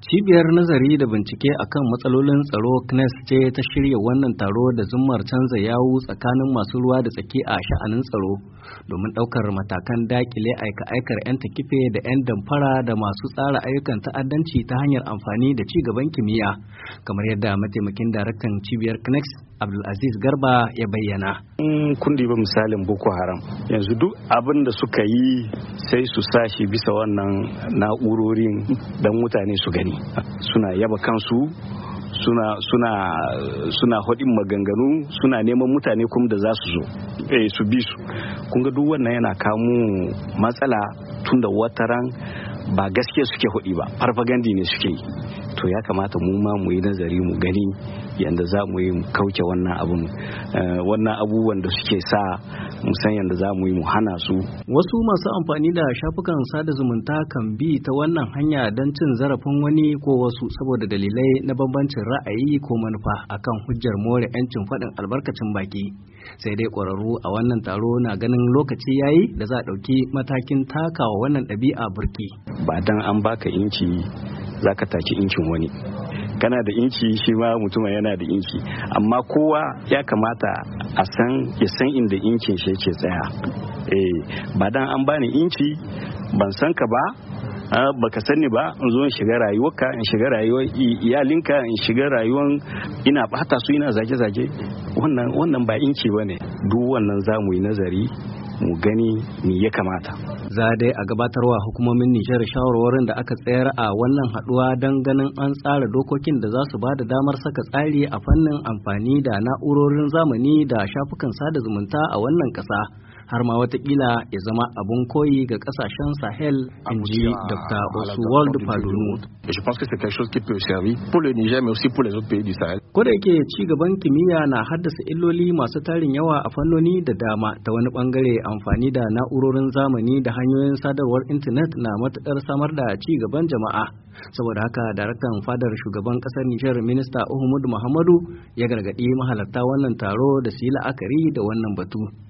Cibiyar nazari da bincike akan matsalolin tsaro Knes ce ta shirya wannan taro da zumar canza yawu tsakanin masu ruwa da tsaki a sha'anin tsaro domin ɗaukar matakan dakile aika-aikar 'yan takife da 'yan damfara da masu tsara ayyukan ta'addanci ta hanyar amfani da ci gaban kimiyya kamar yadda mataimakin daraktan cibiyar Knes Abdulaziz Garba ya bayyana. kundi ba misalin Boko Haram yanzu duk abin da suka yi sai su sashi bisa wannan na'urorin dan mutane su gani. ne suna yaba kansu suna suna suna hodin maganganu suna neman mutane kuma da za su zo eh su bi su kun ga duk wannan yana kamo matsala tunda wataran ba gaskiya suke hodi ba farfagandi ne suke yi to ya kamata mu ma mu yi nazari mu gani yadda za mu yi kauce wannan abun eh, wannan abubuwan da suke sa mu yadda za mu yi mu hana su wasu masu amfani da shafukan sada zumunta kan bi ta wannan hanya don cin zarafin wani ko wasu saboda dalilai na bambancin ra'ayi ko manufa akan hujjar more 'yancin faɗin albarkacin baki sai dai ƙwararru a wannan taro na ganin lokaci yayi da za a ɗauki matakin takawa wannan ɗabi'a burki ba dan an baka inci za ka taki inkin wani kana da inci shi ma mutum yana da inci amma kowa ya kamata a san ya san inda inkin shi yake tsaya eh ba dan an bani inci ban san ka ba ah, ba ka sani ba in zo in shiga rayuwarka in shiga rayuwar iyalinka in shiga rayuwar ina bata su ina zage-zage wannan ba inci ba ne duk wannan za mu yi nazari mu gani me ya kamata za dai a gabatarwa hukumomin nijar shawarwarin da aka tsayar a wannan haɗuwa don ganin an tsara dokokin da za su ba da damar saka tsari a fannin amfani da na'urorin zamani da shafukan sada zumunta a wannan ƙasa. har ma watakila ya zama abun koyi ga kasashen sahel in ji dr oswald fadunu ko da yake ci gaban kimiyya na haddasa illoli masu tarin yawa a fannoni da dama ta wani bangare amfani da na'urorin zamani da hanyoyin sadarwar intanet na matuƙar samar da ci gaban jama'a saboda haka daraktan fadar shugaban kasar nijar minista uhumudu muhammadu ya gargaɗi mahalarta wannan taro da su yi la'akari da wannan batu